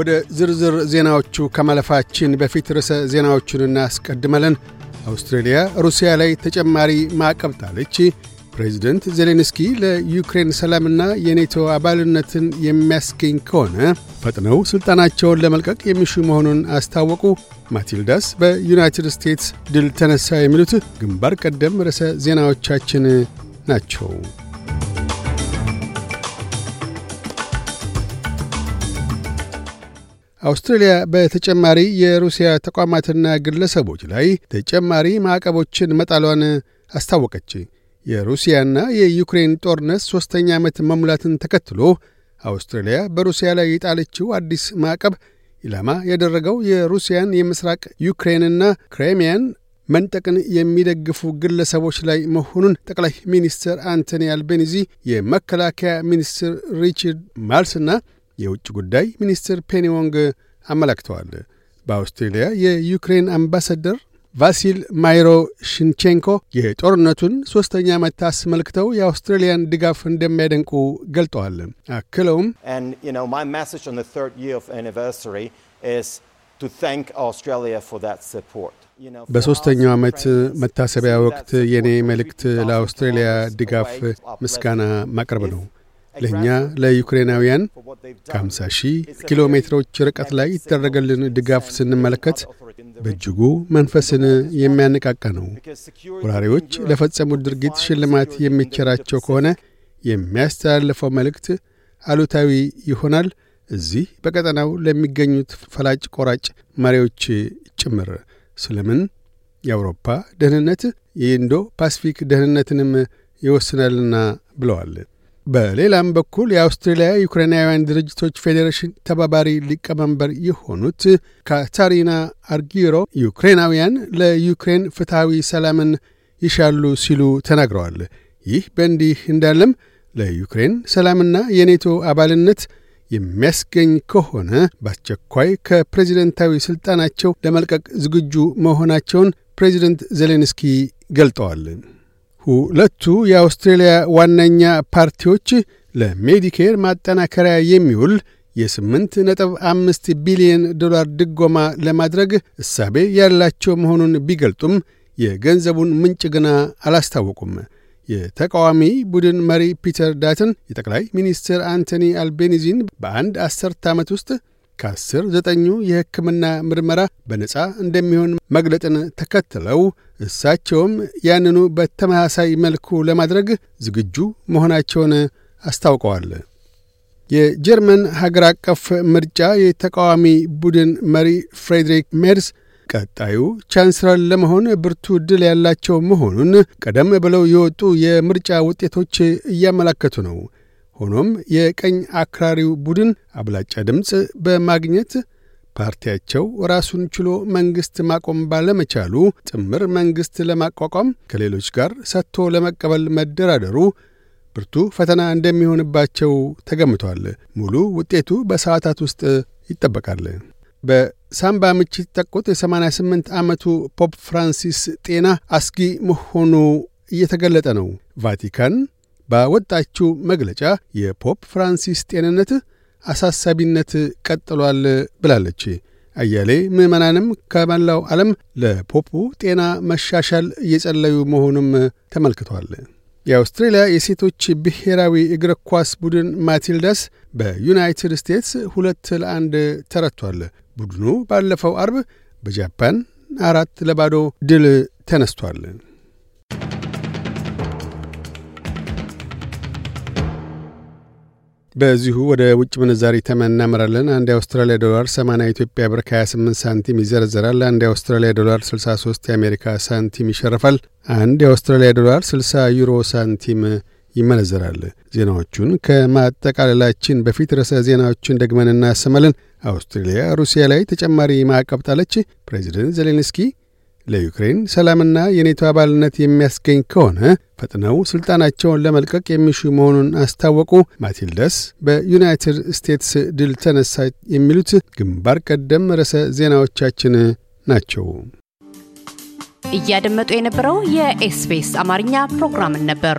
ወደ ዝርዝር ዜናዎቹ ከማለፋችን በፊት ርዕሰ ዜናዎቹን እናስቀድመለን። አውስትሬልያ ሩሲያ ላይ ተጨማሪ ማዕቀብ ጣለች። ፕሬዚደንት ዜሌንስኪ ለዩክሬን ሰላምና የኔቶ አባልነትን የሚያስገኝ ከሆነ ፈጥነው ሥልጣናቸውን ለመልቀቅ የሚሹ መሆኑን አስታወቁ። ማቲልዳስ በዩናይትድ ስቴትስ ድል ተነሳ። የሚሉት ግንባር ቀደም ርዕሰ ዜናዎቻችን ናቸው። አውስትሬልያ በተጨማሪ የሩሲያ ተቋማትና ግለሰቦች ላይ ተጨማሪ ማዕቀቦችን መጣሏን አስታወቀች። የሩሲያና የዩክሬን ጦርነት ሦስተኛ ዓመት መሙላትን ተከትሎ አውስትሬልያ በሩሲያ ላይ የጣለችው አዲስ ማዕቀብ ኢላማ ያደረገው የሩሲያን የምስራቅ ዩክሬንና ክሬሚያን መንጠቅን የሚደግፉ ግለሰቦች ላይ መሆኑን ጠቅላይ ሚኒስትር አንቶኒ አልቤኒዚ፣ የመከላከያ ሚኒስትር ሪቻርድ ማልስና የውጭ ጉዳይ ሚኒስትር ፔኒዎንግ አመላክተዋል። በአውስትሬልያ የዩክሬን አምባሳደር ቫሲል ማይሮ ሽንቼንኮ የጦርነቱን ሦስተኛ ዓመት አስመልክተው የአውስትሬልያን ድጋፍ እንደሚያደንቁ ገልጠዋል። አክለውም በሦስተኛው ዓመት መታሰቢያ ወቅት የኔ መልእክት ለአውስትሬልያ ድጋፍ ምስጋና ማቅረብ ነው ለእኛ ለዩክሬናውያን ከ50 ሺህ ኪሎ ሜትሮች ርቀት ላይ ይደረገልን ድጋፍ ስንመለከት በእጅጉ መንፈስን የሚያነቃቃ ነው። ወራሪዎች ለፈጸሙት ድርጊት ሽልማት የሚቸራቸው ከሆነ የሚያስተላልፈው መልእክት አሉታዊ ይሆናል፣ እዚህ በቀጠናው ለሚገኙት ፈላጭ ቆራጭ መሪዎች ጭምር። ስለምን የአውሮፓ ደህንነት የኢንዶ ፓስፊክ ደህንነትንም ይወስናልና ብለዋል። በሌላም በኩል የአውስትሬልያ ዩክሬናውያን ድርጅቶች ፌዴሬሽን ተባባሪ ሊቀመንበር የሆኑት ካታሪና አርጊሮ ዩክሬናውያን ለዩክሬን ፍትሐዊ ሰላምን ይሻሉ ሲሉ ተናግረዋል። ይህ በእንዲህ እንዳለም ለዩክሬን ሰላምና የኔቶ አባልነት የሚያስገኝ ከሆነ በአስቸኳይ ከፕሬዚደንታዊ ሥልጣናቸው ለመልቀቅ ዝግጁ መሆናቸውን ፕሬዚደንት ዜሌንስኪ ገልጠዋል። ሁለቱ የአውስትሬልያ ዋነኛ ፓርቲዎች ለሜዲኬር ማጠናከሪያ የሚውል የ8 ነጥብ አምስት ቢሊዮን ዶላር ድጎማ ለማድረግ እሳቤ ያላቸው መሆኑን ቢገልጡም የገንዘቡን ምንጭ ግና አላስታወቁም። የተቃዋሚ ቡድን መሪ ፒተር ዳትን የጠቅላይ ሚኒስትር አንቶኒ አልቤኒዚን በአንድ አስርት ዓመት ውስጥ ከአስር ዘጠኙ የሕክምና ምርመራ በነጻ እንደሚሆን መግለጥን ተከትለው እሳቸውም ያንኑ በተመሳሳይ መልኩ ለማድረግ ዝግጁ መሆናቸውን አስታውቀዋል። የጀርመን ሀገር አቀፍ ምርጫ የተቃዋሚ ቡድን መሪ ፍሬድሪክ ሜርስ ቀጣዩ ቻንስለር ለመሆን ብርቱ ዕድል ያላቸው መሆኑን ቀደም ብለው የወጡ የምርጫ ውጤቶች እያመላከቱ ነው። ሆኖም የቀኝ አክራሪው ቡድን አብላጫ ድምፅ በማግኘት ፓርቲያቸው ራሱን ችሎ መንግሥት ማቆም ባለመቻሉ ጥምር መንግሥት ለማቋቋም ከሌሎች ጋር ሰጥቶ ለመቀበል መደራደሩ ብርቱ ፈተና እንደሚሆንባቸው ተገምቷል። ሙሉ ውጤቱ በሰዓታት ውስጥ ይጠበቃል። በሳምባ ምች ጠቁት የ88 ዓመቱ ፖፕ ፍራንሲስ ጤና አስጊ መሆኑ እየተገለጠ ነው። ቫቲካን ባወጣችው መግለጫ የፖፕ ፍራንሲስ ጤንነት አሳሳቢነት ቀጥሏል ብላለች። አያሌ ምዕመናንም ከመላው ዓለም ለፖፑ ጤና መሻሻል እየጸለዩ መሆኑም ተመልክቷል። የአውስትሬልያ የሴቶች ብሔራዊ እግር ኳስ ቡድን ማቲልዳስ በዩናይትድ ስቴትስ ሁለት ለአንድ ተረቷል። ቡድኑ ባለፈው አርብ በጃፓን አራት ለባዶ ድል ተነስቷል። በዚሁ ወደ ውጭ ምንዛሪ ተመን እናመራለን። አንድ የአውስትራሊያ ዶላር 80 ኢትዮጵያ ብር ከ28 ሳንቲም ይዘረዘራል። አንድ የአውስትራሊያ ዶላር 63 የአሜሪካ ሳንቲም ይሸርፋል። አንድ የአውስትራሊያ ዶላር 60 ዩሮ ሳንቲም ይመነዘራል። ዜናዎቹን ከማጠቃለላችን በፊት ርዕሰ ዜናዎቹን ደግመን እናሰማለን። አውስትሬልያ ሩሲያ ላይ ተጨማሪ ማዕቀብ ጣለች። ፕሬዚደንት ዜሌንስኪ ለዩክሬን ሰላምና የኔቶ አባልነት የሚያስገኝ ከሆነ ፈጥነው ሥልጣናቸውን ለመልቀቅ የሚሹ መሆኑን አስታወቁ። ማቲልደስ በዩናይትድ ስቴትስ ድል ተነሳ የሚሉት ግንባር ቀደም ርዕሰ ዜናዎቻችን ናቸው። እያደመጡ የነበረው የኤስቢኤስ አማርኛ ፕሮግራምን ነበር።